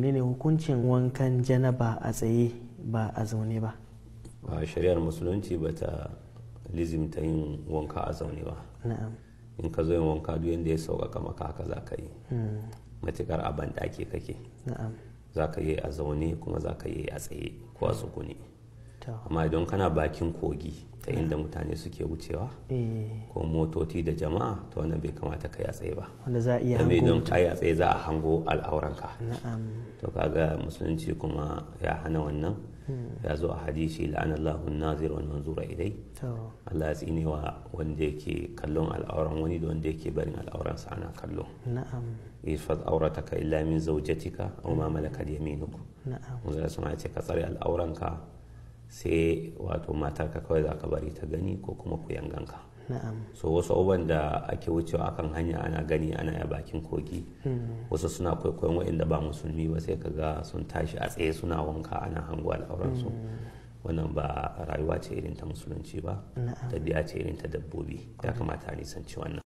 ne hukuncin wankan janaba a tsaye ba a zaune ba a shari'ar musulunci ba ta lizimta yin wanka a zaune ba in ka zo yin wanka duk yadda ya sauƙaƙa maka haka za ka yi hmm. matuƙar a banɗaki kake za ka yi a zaune kuma za ka yi a tsaye ko a tsukuni amma idan kana bakin kogi ta inda mutane suke wucewa eh. ko motoci da jama'a to wannan bai kamata ka yatsai ba wanda za a iya hango idan ka yatsai za a hango al'auranka to kaga musulunci kuma ya hana wannan hmm. ya zo a hadisi la'anallahu nazir wa manzura idai Allah ya tsine wa wanda yake kallon al'auran wani da wanda yake barin sa ana kallo na'am ifad aurataka illa min zawjatika aw ma malakat yaminukum na'am mun zai ce ka tsare al'auranka sai wato ka kawai za ka bari ta gani ko kuma ku yanganka so wasu abubuwan da ake wucewa akan hanya ana gani ana ya bakin kogi mm. wasu suna kwaikwayon waɗanda ba musulmi ba sai ka ga sun tashi a tsaye suna wanka ana hango al'auransu mm. wannan ba rayuwa ce irin ta musulunci ba tabiya ce irin ta dabbobi ya kamata a nisanci wannan